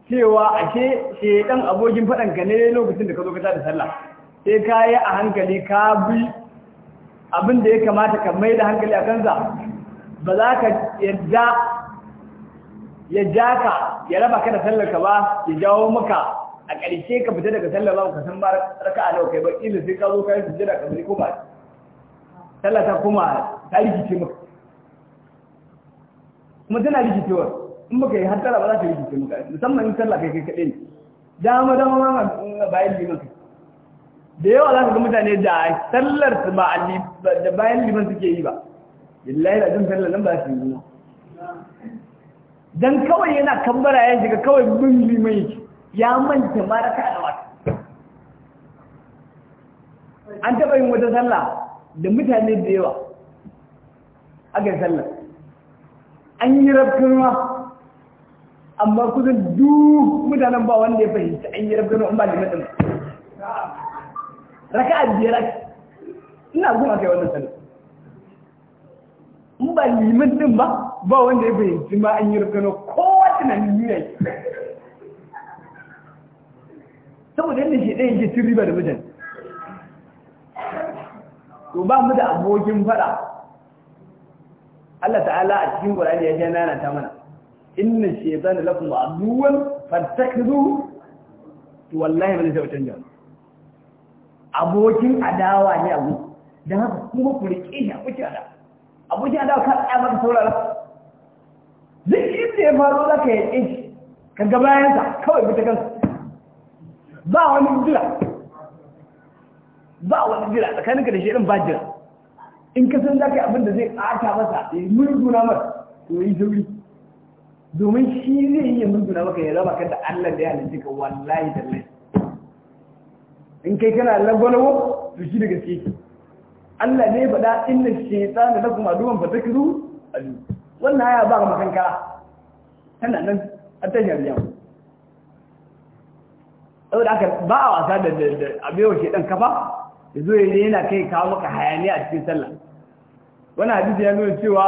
cewa ashe shaidan abokin faɗanka ne lokacin da ka zo ka tada sallah sai ka yi a hankali ka bi abin da ya kamata ka mai da hankali a kansa ba za ka yadda ya ja ka ya raba ka da ka ba ya jawo maka a ƙarshe ka fita daga sallar ba ka san ba raka a kai ba ilu sai ka zo ka yi sujjada ka bari ko ba sallar ta kuma ta rikice maka kuma tana rikicewa in baka yi hattara ba za ta rikice maka musamman in sallar kai kai kaɗai ne dama dama ma ba yi limanka da yawa za ka ga mutane da sallar su ba da bayan liman suke yi ba billahi da jin sallar nan ba su yi dan kawai yana kambara ya shiga kawai bin liman yake ya manta ma da da wata an taɓa yin wata sallah da mutane da yawa aka sallar an yi rafkarwa amma kusan duk mutanen ba wanda ya fahimta, an yi rafkarwa an ba liman ɗin raka'a biyar ina goma kai wannan sanin in ba liman din ba ba wanda ya bayyanci ma an yi rukano kowa tunanin yi yi saboda yadda shi ɗaya ke cin riba da mijin to ba mu da abokin fada Allah ta'ala a cikin Qur'ani ya jana na ta mana inna shaytana lakum aduwwan fattakhidhu wallahi ba zai canja ba abokin adawa ne abu don haka kuma ku rike shi abokin adawa abokin adawa ka tsaya maka saurara duk inda ya faru za ka yaƙe shi ka ga bayansa kawai bi ta kansa ba wani jira ba wani jira tsakaninka da shi irin ba jira in ka san za ka yi abin da zai ɓata masa ya yi murguna masa to yi sauri domin shi zai yi mun murguna maka ya raba ka da allah da ya halitta ka wallahi da lai in kai kana gwanawo to shi daga gaske Allah ne faɗa inna kuma duban aduwan fatakru adu wannan haya ba ma makanka tana nan a ta jami'a saboda haka ba a wasa da abewa shaytan kafa ya zo yana kai kawo maka hayaniya a cikin sallah wannan hadisi ya nuna cewa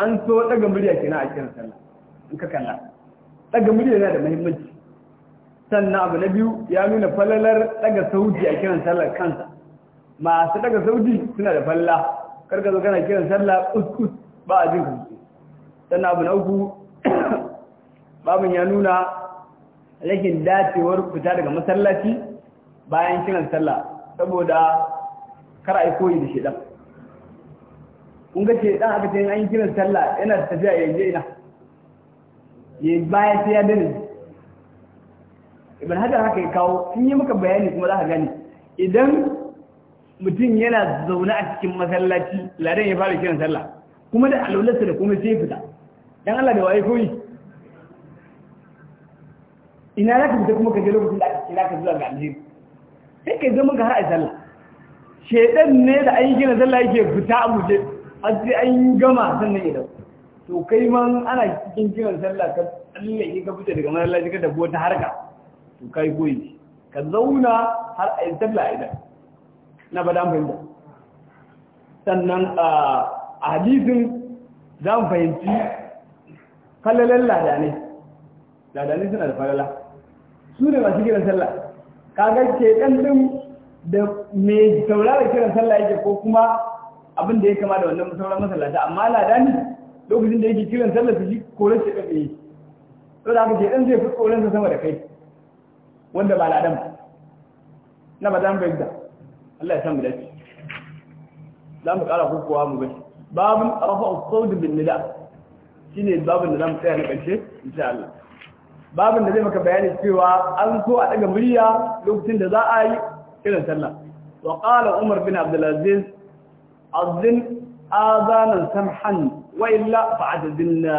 an so daga murya kenan a cikin sallah in ka kalla daga murya yana da muhimmanci sannan abu na biyu ya nuna falalar daga sauti a kiran sallar kansa masu daga sauti suna da falla karka zo kana kiran sallah uskus ba a jin kansu sannan abu na uku <coughs> babin ya nuna rikin dacewar fita daga masallaci bayan kiran sallah saboda kar a yi koyi da shedan kun ga shedan aka ce an yi kiran sallah yana tafiya yanzu ina ya bayan sai ya dare ibn hajar haka ya kawo in yi maka bayani kuma za ka gani idan mutum yana zaune a cikin masallaci ladan ya fara kiran sallah kuma da alwalarsa da kuma sai fita dan Allah da waye koyi ina za ka fita kuma ka je lokacin da aka kira ka zuwa ga alheri sai ka zama ka har a sallah shedan ne da an yi kiran sallah yake fita a muje har sai an gama sannan ya dau to kai man ana cikin kiran sallah ka Allah ya ka fita daga masallaci ka tafi wata harka Ku kai goyi ka zauna har a yin tabla idan na ba dan fahimta sannan a hadisin za mu fahimci falalan ladanai ladanai suna da falala su ne masu kiran sallah Ka ga ke ɗin da mai saurara kiran sallah yake ko kuma abin da ya kama da wannan sauran masallata amma ladani lokacin da yake kiran sallah su shi koren shi ɗaɗe to da haka ke ɗan zai fi koren sa sama da kai wanda ba ladan na ba zan bayyana Allah ya san mu dace za mu kara kokowa mu bai babun rafa al-sawd bin nida shine babun da zamu tsaya na karshe insha Allah babun da zai maka bayani cewa an so a daga murya lokacin da za a yi irin sallah wa qala umar bin abdul aziz azin آذانا سمحا وإلا فعتزلنا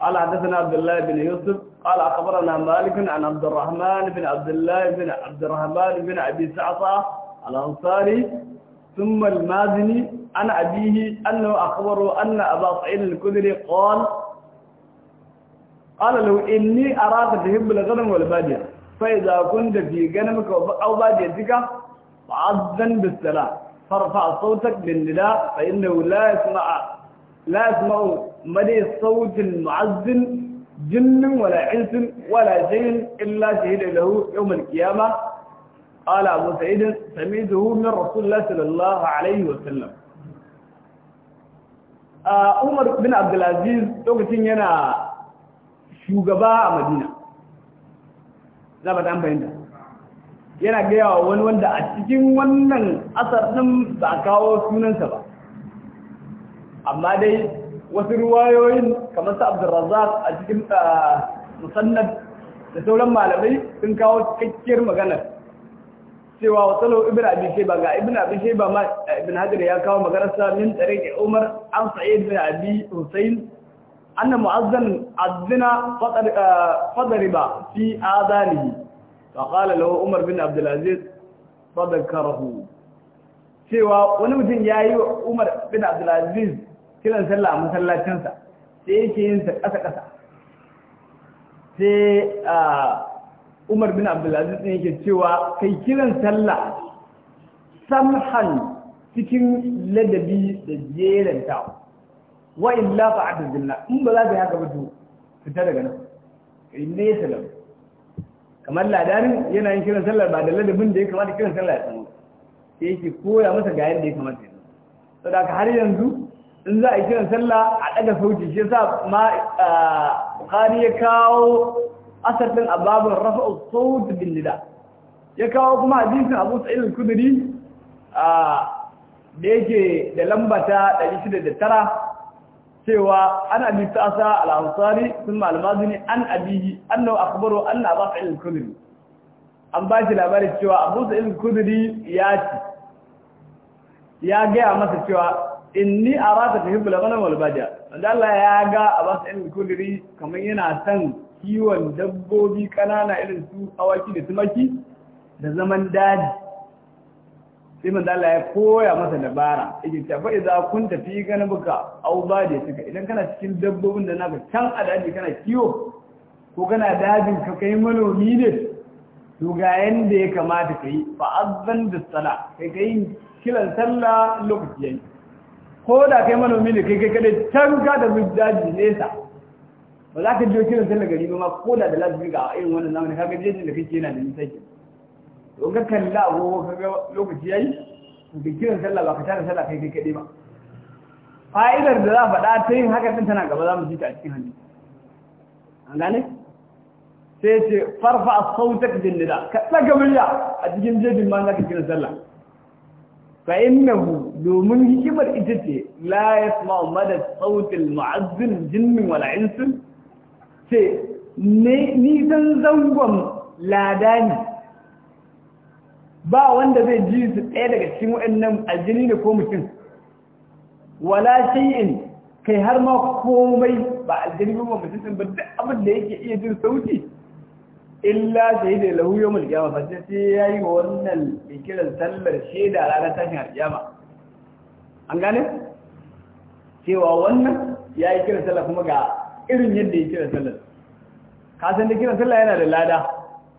قال حدثنا عبد الله بن يوسف قال أخبرنا مالك عن عبد الرحمن بن عبد الله بن عبد الرحمن بن أبي سعطة الأنصاري ثم المازني عن أبيه أنه أخبره أن أبا سعيد الكدري قال قال له إني أراك تهب الغنم والبادية فإذا كنت في غنمك أو باديتك فعزاً بالسلام فارفع صوتك بالنداء فإنه لا يسمع لا يسمع مدي صوت المعزن jinnin wala insin ولا جن illa شهد له يوم al قال qala abu sa'id من رسول الله sallallahu alaihi wa sallam umar bin عبد العزيز lokacin yana shugaba a madina za ba yana gaya wa wani wanda a cikin wannan asar din ba a kawo sunansa ba amma dai wasu ruwayoyin kamar sa Abdurrazzaq a cikin musannad da sauran malamai sun kawo cikakkiyar magana cewa wasalau ibn abi shayba ga ibn abi shayba ma ibn hajar ya kawo maganar sa min tariqi umar an sa'id bin abi husayn anna mu'azzan azzina fadriba fi adanihi fa qala lahu umar bin abdul aziz fadakarahu cewa wani mutum yayi umar bin abdul aziz kiran sallah a masallacinsa sai yake yin sa ƙasa-ƙasa sai umar bin abdulaziz ɗin yake cewa kai kiran sallah samhan cikin ladabi da ta wa illa fa atazilna in ba za ka haka ba to fita daga nan kai ne salam kamar ladarin yana yin kiran sallah ba da ladabin da ya kamata kiran sallah ya samu sai yake koya masa ga yadda ya kamata yanzu saboda har yanzu in za a yi kiran sallah a ɗaga sauti shi yasa ma Bukhari ya kawo asarin ababin rafa'u sauti bin nida ya kawo kuma hadisin Abu Sa'id al-Khudri da yake da lamba ta 609 cewa an bi ta asa al-ansari sun malmazini an abihi annahu akhbaru anna Abu Sa'id al-Khudri an ba shi labarin cewa Abu Sa'id al-Khudri ya ci ya gaya masa cewa inni arata tuhibbul ghanam wal badiya wanda Allah ya ga Abbas ibn kudiri kamar yana son kiwon dabbobi kanana irin su awaki da tumaki da zaman daji sai manzo Allah ya koya masa dabara yake ta fa idza kunta fi ganabuka aw badiya suka idan kana cikin dabbobin da naka can a daji kana kiwo ko kana dajin ka kai manomi ne to ga yanda ya kamata kai fa azzan da sala kai kai kilan sallah lokaci yayi ko da kai manomi ne kai kai kai can ka da daji nesa ba za ka jiyo kiran sallar gari ba ma ko da da lafi ga irin wannan zamani kaga jejin da kake yana da nisan ki to ka kalla ka kaga lokaci yayi da kiran sallah ba ka tara sallah kai kai kai ba fa'idar da za a faɗa ta yin haka din tana gaba za mu ji ta a cikin hannu an gane sai ce farfa a sautar bin nida ka tsaga murya a cikin jejin ma za ka kiran sallah fa innahu domin hikimar ita ce la yasma'u madad sautil mu'azzin jinnin wala insin ce ni dan zangon ladani ba wanda zai ji su ɗaya daga cikin waɗannan aljini ne ko mutum wala shay'in kai har ma komai ba aljini ba mutum ba duk abin da yake iya jin sauti illa yi da lahu yau mulkiyama fasir sai ya yi wannan ikirar sallar shaida ranar tashin alkiyama an gane cewa wannan ya yi kiran sallar kuma ga irin yadda ya kiran sallar kasan da kiran sallar yana da lada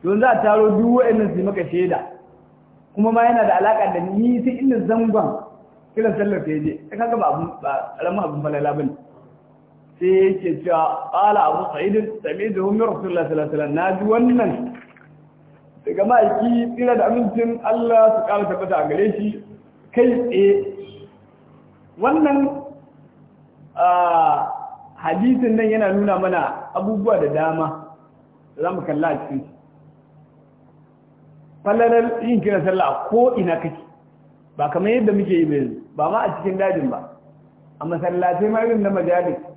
don za a taro duk inda su maka shaida kuma ma yana da alaƙa da ni sai inda zangon kiran sallar ta je ta kaga ba ƙaramin abin falala bane sai yake cewa ƙala abu sa'idin sami da hummin rasulullah salasala na ji wannan daga ma'aiki tsira da amincin allah su ƙara tabbata a gare shi kai tsaye wannan hadisin nan yana nuna mana abubuwa da dama za mu kalla a cikin falalar yin kira sallah ko ina kake ba kamar yadda muke yi ba ma a cikin dajin ba a masallatai ma irin na majalis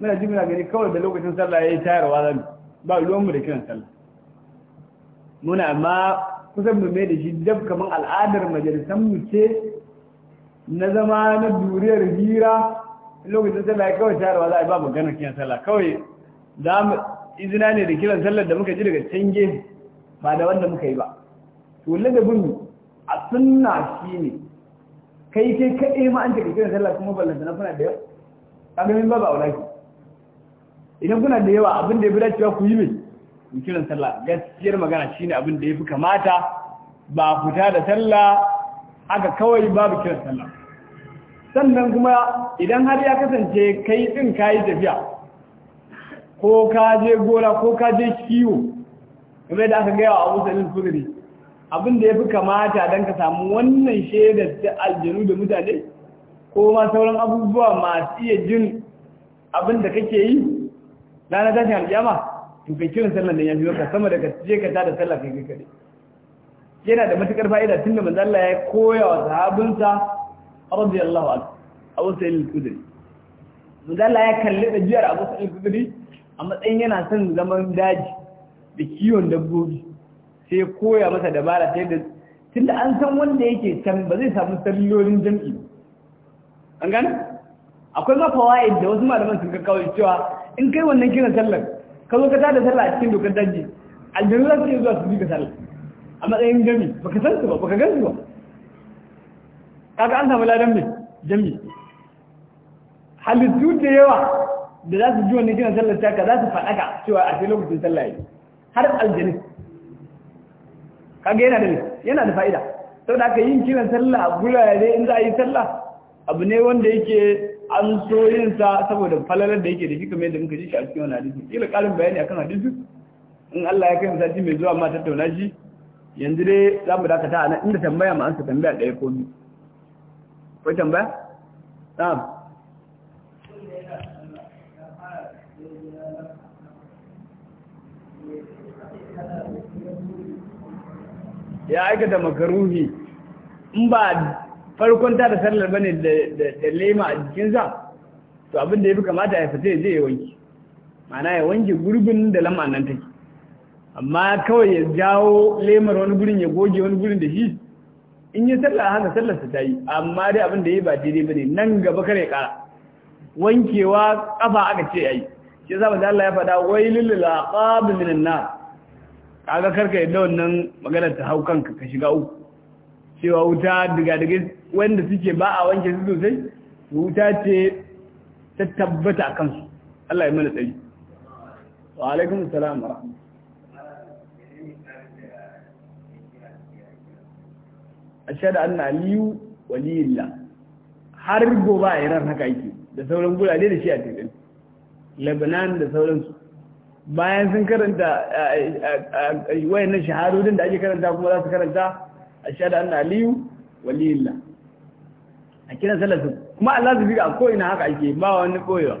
muna ji muna gani kawai da lokacin sallah ya yi tayarwa zan ba ruwanmu da kiran sallah muna ma kusan mu mai da shi dab kamar al'adar majalisar mu ce na zama na duriyar hira lokacin sallah kawai tayarwa za a ba maganar kiran sallah kawai za mu izina ne da kiran sallah da muka ji daga can gefe ba da wanda muka yi ba to ladabin a sunna ne kai kai kaɗai ma an take kiran sallah kuma ballanta na fana da yau kaga min ba ba aiki. idan kuna da yawa abin da ya fi dacewa ku yi min in kiran sallah gaskiyar magana shine abin da ya fi kamata ba fita da sallah haka kawai babu kiran sallah sannan kuma idan har ya kasance kai din kayi tafiya ko ka je gona ko ka je kiwo kuma da aka gaya wa Abu Salim Sudri abin da ya fi kamata don ka samu wannan shaidar ta aljanu da mutane ko ma sauran abubuwa masu iya jin abin da kake yi ranar tashin alƙiyama to kai kiran sallar da ya fi ka sama da je ka tada sallah kai kai yana da matukar fa'ida tunda manzo Allah ya koya wa sahabinsa radiyallahu anhu Abu Sa'id al-Khudri manzo Allah ya kalli da jiyar Abu Sa'id al-Khudri a matsayin yana son zaman daji da kiwon dabbobi sai koya masa dabara ta yadda tunda an san wanda yake can ba zai samu sallolin jam'i an gane akwai mafawa'id da wasu malaman sun ga kawai cewa in kai wannan kiran sallar ka zo ka tada sallah a cikin dokar daji aljanu za su iya zuwa su bi ka sallah a matsayin jami ba ka san su ba ba ka gan su ba kaga an samu ladan mai jami halittu da yawa da za su ji wannan kiran sallar ka, za su faɗaka cewa a sai lokacin sallah yi. har aljanu kaga yana da yana da fa'ida saboda haka yin kiran sallah a gurare in za a yi sallah abu ne wanda yake an so yin sa saboda falalar da yake da shi kamar yadda muka ji shi a cikin wannan hadisi kila karin bayani akan hadisi in Allah ya kai misali mai zuwa ma tattauna shi yanzu dai za mu dakata a nan inda tambaya ma an sa tambaya ɗaya ko biyu ko tambaya na'am ya aikata makaruhi in ba farkon ta da sallar bane da lema a jikinsa to abin da ya fi kamata ya fita ya je ya wanki mana ya wanke gurbin da lama nan take amma kawai ya jawo lemar wani gurin ya goge wani gurin da shi in yi salla haka sallar ta yi amma dai abin da ya ba daidai bane nan gaba kare ya kara wankewa kafa aka ce yayi shi yasa manzo Allah ya faɗa wailul laqab minan nar kaga karka yadda wannan maganar ta hau kanka ka shiga uku cewa wuta daga daga wanda suke ba a wanke su sosai wuta ce ta tabbata a kansu Allah ya mana tsari wa alaikum salam wa ashhadu anna aliyu liyilla. har gobe a Iran haka yake da sauran gurare da shi a tekin Lebanon da sauransu bayan sun karanta wayannan shahararrun da ake karanta kuma za su karanta ashhadu anna aliyu waliyullah a kiran sallar su kuma Allah su a ko ina haka ake ba wani koyewa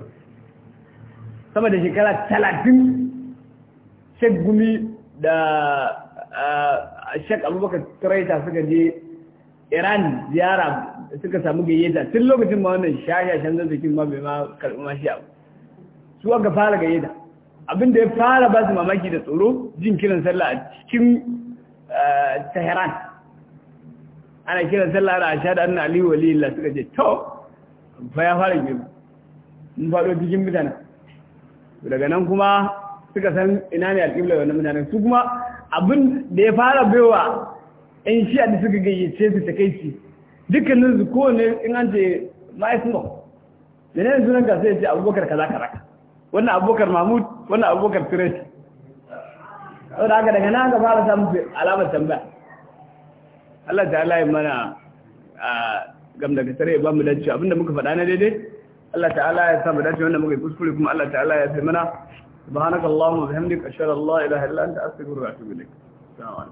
sama da shekara talatin shek gumi da shek abubakar turaita suka je iran ziyara suka samu gayyata tun lokacin ma wannan shashashen zazzakin ma bai ma karɓi ma shi abu su aka fara gayyata abin da ya fara ba su mamaki da tsoro jin kiran sallah a cikin eh, tehran ana kiran sallah da asha da anna ali walillah suka ce to fa ya fara girma mun faɗo cikin mutane daga nan kuma suka san ina ne alƙibla wannan mutanen su kuma abin da ya fara baiwa in shi da suka gayyace su takaici dukkanin su kowane in an ce ma'aikata da ne sunan ka sai ce abubakar kaza kaza wannan abubakar mahmud wannan abubakar tiresi saboda haka daga nan ka fara samun alamar tambaya Allah ta halaye mana a gamda ka tare ba mu dace abinda muka faɗa na daidai Allah ta'ala ya sa mu dace wanda muka yi kuskure kuma Allah ta'ala ya sai mana subhanakallahumma wa bihamdika ashhadu an la ilaha illa anta astaghfiruka wa atubu ilaik